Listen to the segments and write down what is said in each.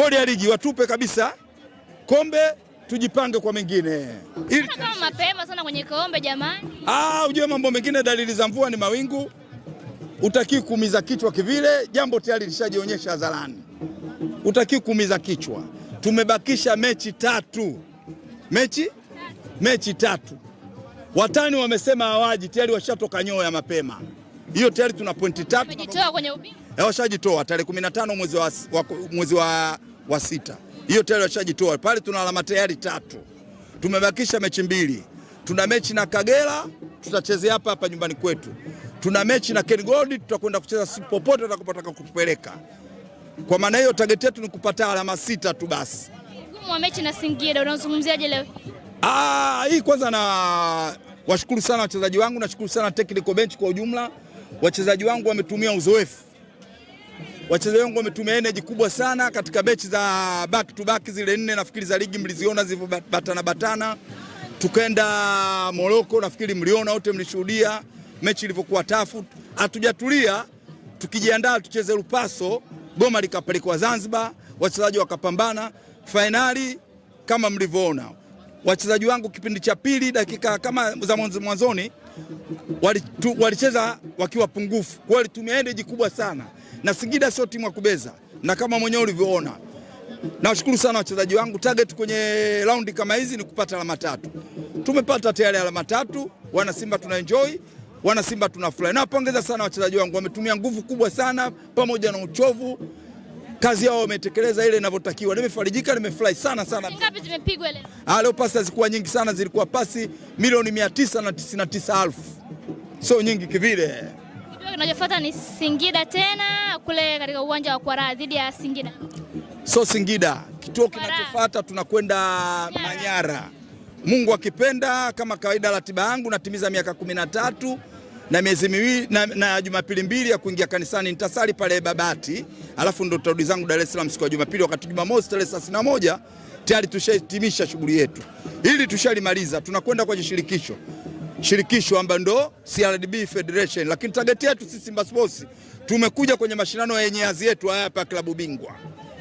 bodi ya ligi watupe kabisa kombe tujipange kwa mengine Il... mapema sana kwenye kombe jamani. Ah, ujue mambo mengine, dalili za mvua ni mawingu, utaki kuumiza kichwa kivile, jambo tayari lishajionyesha hadharani, utaki kuumiza kichwa. Tumebakisha mechi tatu, mechi mechi tatu. Watani wamesema hawaji, tayari washatoka nyoo ya mapema, hiyo tayari tuna pointi tatu, eh, washajitoa tarehe 15 mwezi wa, mwezi wa wa sita. Hiyo tayari washajitoa pale, tuna alama tayari tatu, tumebakisha mechi mbili. Tuna mechi na Kagera tutachezea hapa hapa nyumbani kwetu, tuna mechi na Ken Gold tutakwenda kucheza popote atakapotaka kutupeleka. Kwa maana hiyo target yetu ni kupata alama sita tu basi. Ugumu wa mechi na Singida unazungumziaje leo? Ah, hii kwanza na washukuru sana wachezaji wangu, nashukuru sana technical bench kwa ujumla. Wachezaji wangu wametumia uzoefu Wachezaji wangu wametumia energy kubwa sana katika mechi za back to back zile nne, nafikiri za ligi mliziona zivyo batana. Tukaenda Moroko, nafikiri mliona wote, mlishuhudia mechi ilivyokuwa tafu. Hatujatulia tukijiandaa tucheze Lupaso, goma likapelekwa Zanzibar, wachezaji wakapambana. Fainali kama mlivyoona, wachezaji wangu kipindi cha pili, dakika kama za mwanzoni, walicheza wakiwa pungufu, kwa walitumia energy kubwa sana na Singida sio timu ya kubeza, na kama mwenyewe ulivyoona. Nawashukuru sana wachezaji wangu. Target kwenye raundi kama hizi ni kupata alama tatu, tumepata tayari alama tatu. Wana Simba tuna enjoy, wana Simba tuna furahi. Nawapongeza sana wachezaji wangu, wametumia nguvu kubwa sana pamoja na uchovu kazi yao wametekeleza ile inavyotakiwa. Nimefarijika, nimefurahi sana sana. Ngapi zimepigwa leo? Ah, leo pasi zilikuwa nyingi sana, zilikuwa pasi milioni mia tisa na tisini na tisa elfu, sio nyingi kivile. Kinachofuata ni Singida tena kule katika uwanja wa Kwara dhidi ya Singida. So Singida kituo kinachofuata tunakwenda Manyara. Mungu akipenda, kama kawaida, ratiba yangu natimiza miaka kumi na tatu na miezi miwili na, na Jumapili mbili ya kuingia kanisani nitasali pale Babati, alafu ndo tarudi zangu Dar es Salaam siku ya Jumapili, wakati Jumamosi tarehe moja tayari tushahitimisha shughuli yetu, ili tushalimaliza, tunakwenda kwenye shirikisho shirikisho ambayo ndo CRDB Federation, lakini target yetu sisi Simba Sports tumekuja kwenye mashindano yenye azi yetu haya hapa klabu bingwa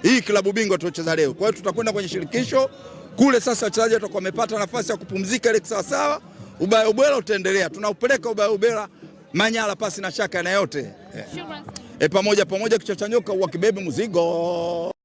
hii klabu bingwa tuocheza leo. Kwa hiyo tutakwenda kwenye shirikisho kule, sasa wachezaji watakuwa wamepata nafasi ya kupumzika ile sawa. Ubaya ubwela utaendelea, tunaupeleka ubaya ubwela Manyara pasi na shaka na yote yeah. E, pamoja pamoja, kichachanyoka wakibebe mzigo.